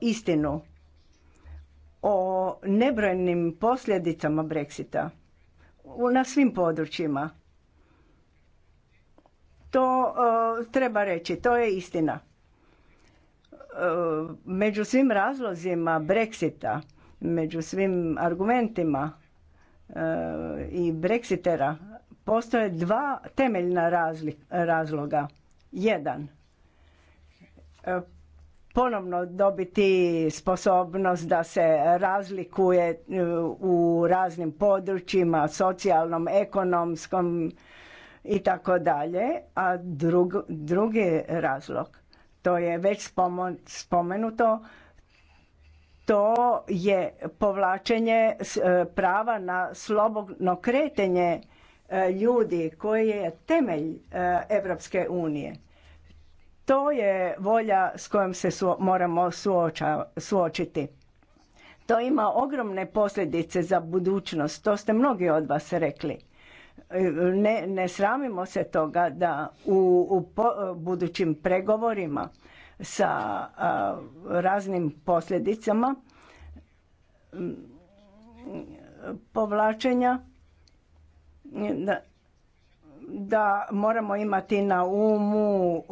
istinu o nebrojnim posljedicama Brexita na svim područjima. To e, treba reći, to je istina. E, među svim razlozima Brexita, među svim argumentima e, i Brexitera postoje dva temeljna razloga. Jedan, ponovno dobiti sposobnost da se razlikuje e, u raznim područjima, socijalnom, ekonomskom i tako dalje. A drug, drugi razlog, to je već spomenuto, to je povlačenje e, prava na slobodno kretanje e, ljudi koji je temelj Europske unije. To je volja s kojom se moramo suoča, suočiti. To ima ogromne posljedice za budućnost, to ste mnogi od vas rekli. Ne, ne sramimo se toga da u, u budućim pregovorima sa raznim posljedicama povlačenja da, da moramo imati na umu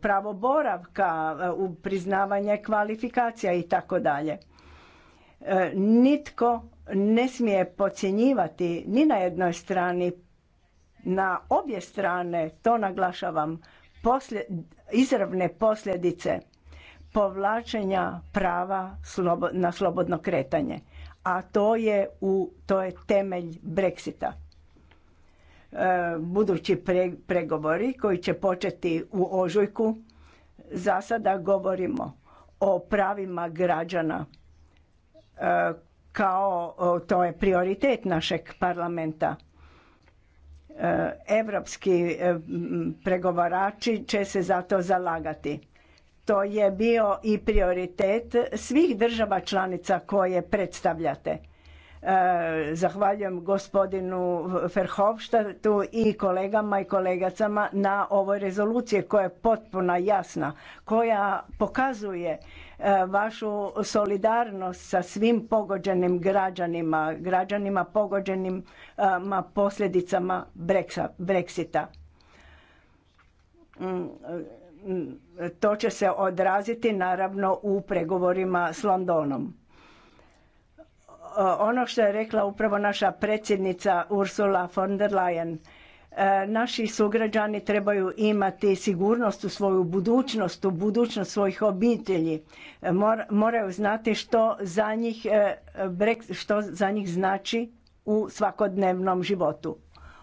pravo boravka, e, priznavanje kvalifikacija i tako dalje. E, nitko ne smije podcjenjivati ni na jednoj strani, na obje strane, to naglašavam, izravne posljedice povlačenja prava na slobodno kretanje. A to je, u, to je temelj Brexita. E, budući pregovori koji će početi u ožujku. Za sada govorimo o pravima građana e, kao to je prioritet našeg parlamenta. E, evropski pregovarači će se za to zalagati. To je bio i prioritet svih država članica koje predstavljate. Eh, zahvaljujem gospodinu Verhofstadtu i kolegama i kolegacama na ovoj rezoluciji koja je potpuno jasna, koja pokazuje eh, vašu solidarnost sa svim pogođenim građanima, građanima pogođenim eh, posljedicama Brexita. Mm, mm, to će se odraziti naravno u pregovorima s Londonom E, ono što je rekla upravo naša predsjednica Ursula von der Leyen. E, naši sugrađani trebaju imati sigurnost u svoju budućnost, u budućnost svojih obitelji. E, moraju znati što za njih, što za njih znači u svakodnevnom životu.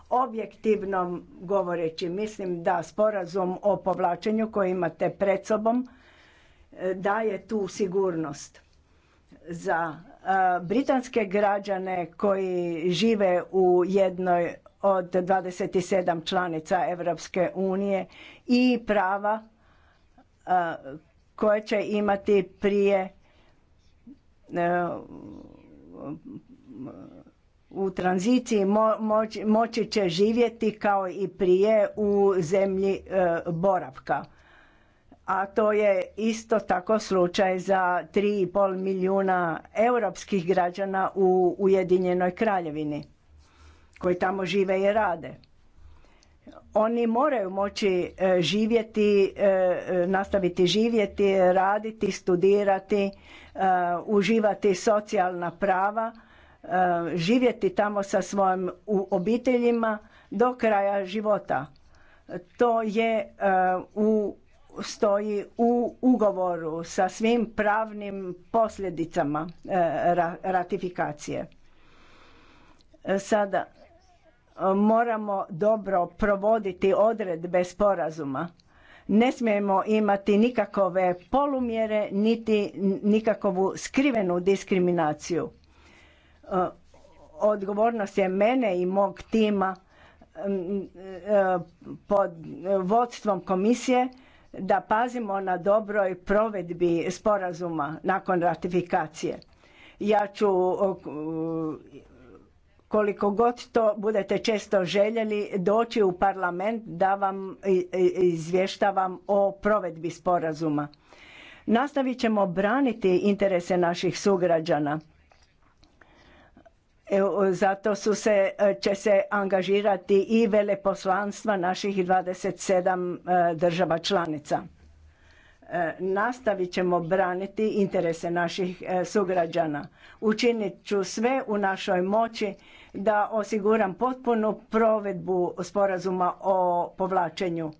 Objektivno govoreći, mislim da sporazum o povlačenju koji imate pred sobom daje tu sigurnost za britanske građane koji žive u jednoj od 27 članica Europske unije i prava koje će imati prije u tranziciji moći će živjeti kao i prije u zemlji boravka a to je isto tako slučaj za 3,5 milijuna europskih građana u Ujedinjenoj kraljevini koji tamo žive i rade. Oni moraju moći e, živjeti, e, nastaviti živjeti, raditi, studirati, e, uživati socijalna prava, živjeti tamo sa svojim obiteljima do kraja života. To je u stoji u ugovoru sa svim pravnim posljedicama e, ratifikacije. E, sada e, moramo dobro provoditi odredbe sporazuma. Ne smijemo imati nikakove polumjere niti nikakvu skrivenu diskriminaciju. Odgovornost je mene i mog tima pod vodstvom komisije da pazimo na dobroj provedbi sporazuma nakon ratifikacije. Ja ću koliko god to budete često željeli doći u parlament da vam izvještavam o provedbi sporazuma. Nastavit ćemo braniti interese naših sugrađana E, zato su se, e, će se angažirati i veleposlanstva naših 27 e, država članica. Nastavit ćemo braniti interese naših sugrađana. Učinit ću sve u našoj moći da osiguram potpunu provedbu sporazuma o povlačenju.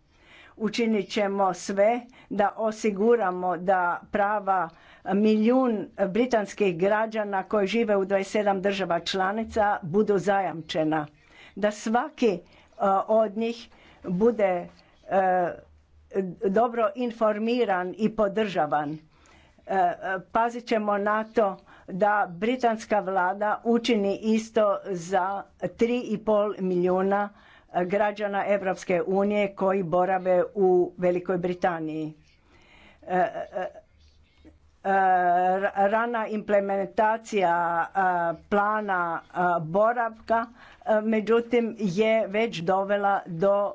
Učinit ćemo sve da osiguramo da prava milijun britanskih građana koji žive u 27 država članica budu zajamčena. Da svaki e, od njih bude e, dobro informiran i podržavan. E, pazit ćemo na to da britanska vlada učini isto za 3,5 milijuna građana Europske unije koji borave u Velikoj Britaniji. Eh, rana implementacija eh, plana eh, boravka međutim je već dovela do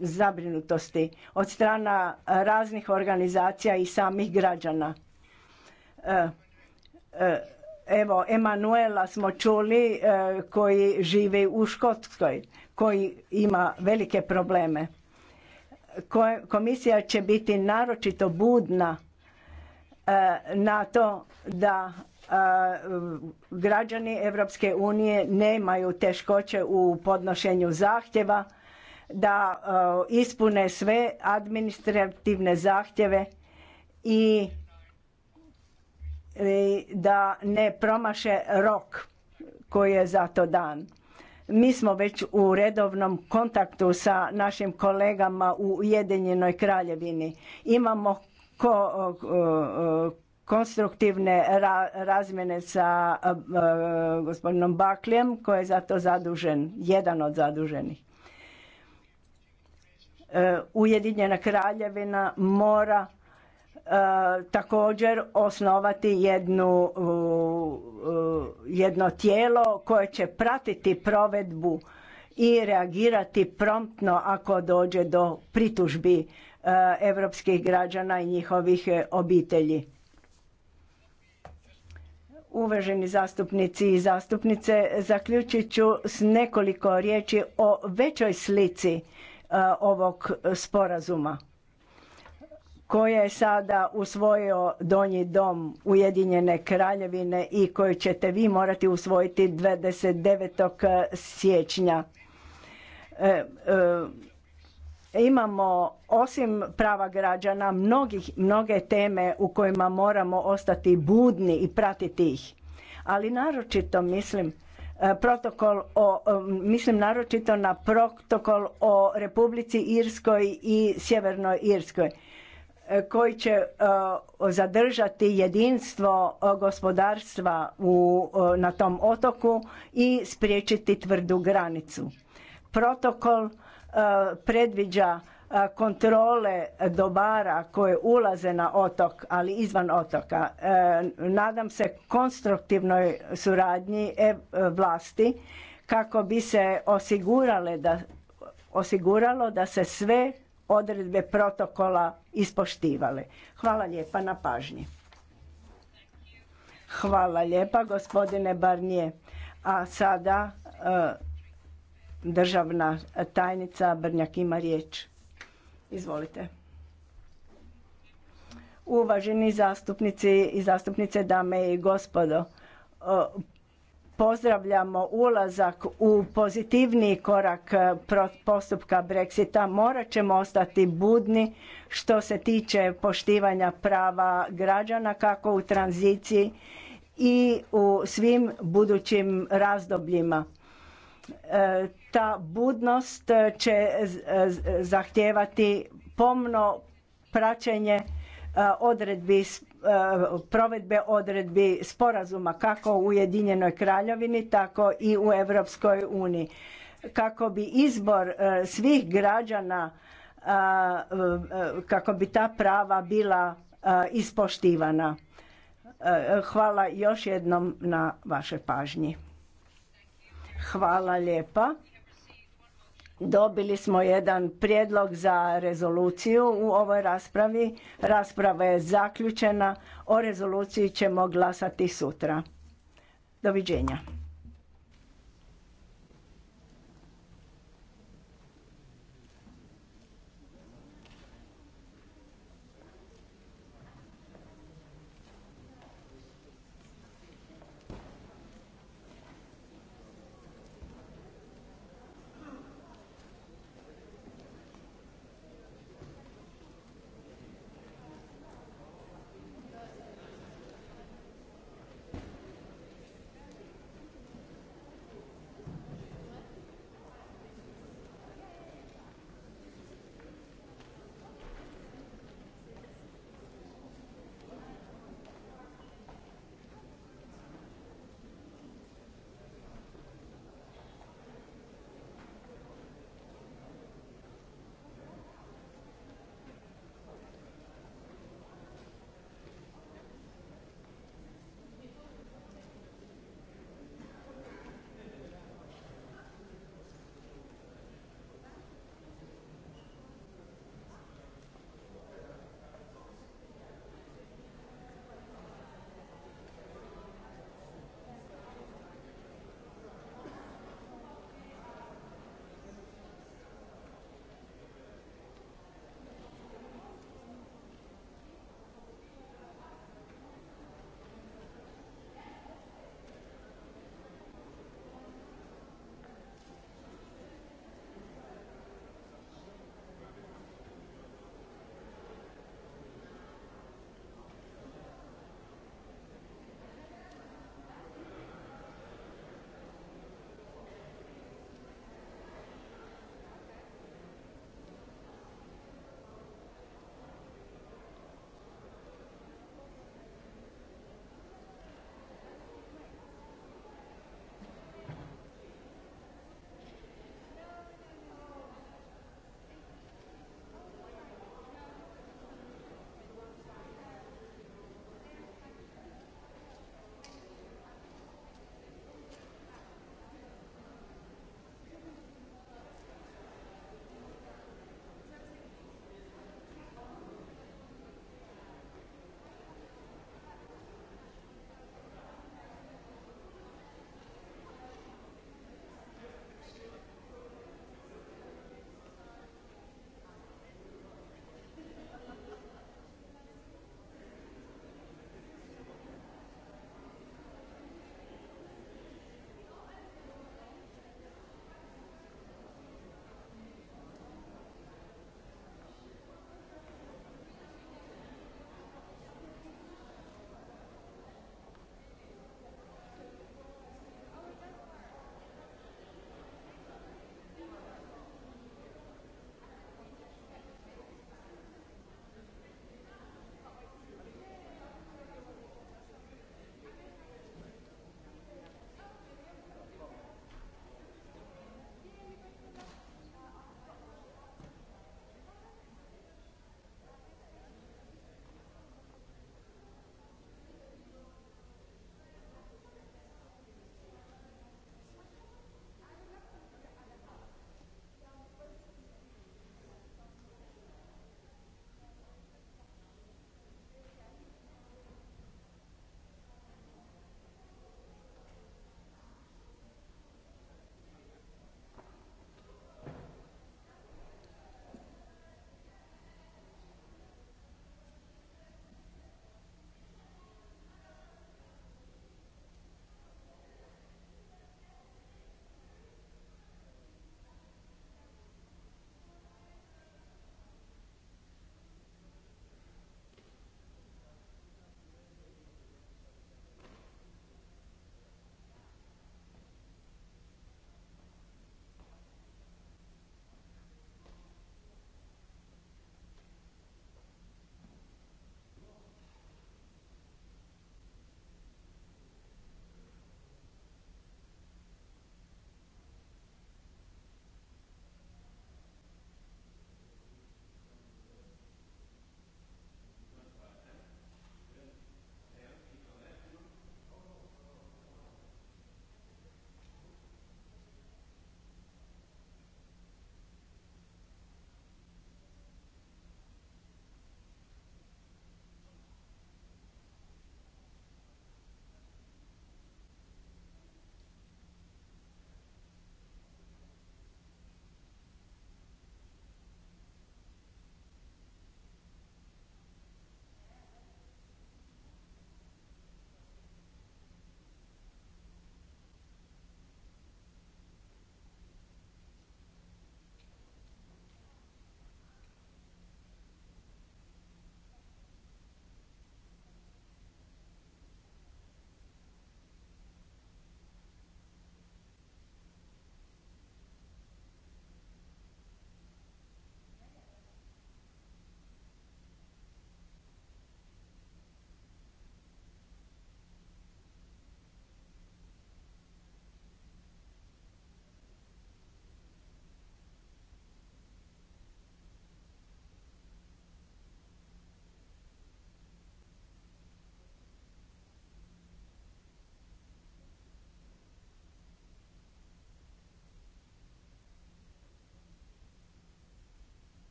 zabrinutosti od strana raznih organizacija i samih građana. Evo, Emanuela smo čuli koji živi u Škotskoj, koji ima velike probleme. Komisija će biti naročito budna E, na to da e, građani Europske unije nemaju teškoće u podnošenju zahtjeva, da e, ispune sve administrativne zahtjeve i da ne promaše rok koji je za to dan. Mi smo već u redovnom kontaktu sa našim kolegama u Ujedinjenoj Kraljevini. Imamo konstruktivne razmjene sa gospodinom Baklijem koji je za to zadužen, jedan od zaduženih. E, Ujedinjena kraljevina mora e, također osnovati jednu, jedno tijelo koje će pratiti provedbu i reagirati promptno ako dođe do pritužbi europskih eh, građana i njihovih eh, obitelji. Uvaženi zastupnici i zastupnice, zaključit ću s nekoliko riječi o većoj slici eh, ovog sporazuma koje je sada usvojio Donji dom Ujedinjene kraljevine i koju ćete vi morati usvojiti 29. siječnja. Imamo osim prava građana mnogih, mnoge teme u kojima moramo ostati budni i pratiti ih. Ali naročito mislim e, protokol o, e, mislim naročito na protokol o Republici Irskoj i Sjevernoj Irskoj e, koji će zadržati jedinstvo gospodarstva u, na tom otoku i spriječiti tvrdu granicu. Protokol predviđa e, kontrole dobara koje ulaze na otok, ali izvan otoka. E, nadam se konstruktivnoj suradnji e, vlasti kako bi se osigurale da, osiguralo da se sve odredbe protokola ispoštivale. Hvala lijepa na pažnji. Hvala lijepa gospodine Barnije. A sada Državna tajnica Brnjak ima riječ. Izvolite. Uvaženi zastupnici i zastupnice, dame i gospodo, pozdravljamo ulazak u pozitivni korak e, postupka Brexita. Morat ćemo ostati budni što se tiče poštivanja prava građana kako u tranziciji i u svim budućim razdobljima ta budnost će eh, eh, zahtijevati pomno praćenje eh, odredbi, provedbe odredbi sporazuma kako u Ujedinjenoj kraljevini, tako i u Europskoj uniji. Kako bi izbor svih građana, kako bi ta prava bila ispoštivana. Hvala još jednom na vašoj pažnji. Hvala lijepa. Dobili smo jedan prijedlog za rezoluciju u ovoj raspravi. Rasprava je zaključena. O rezoluciji ćemo glasati sutra. Doviđenja.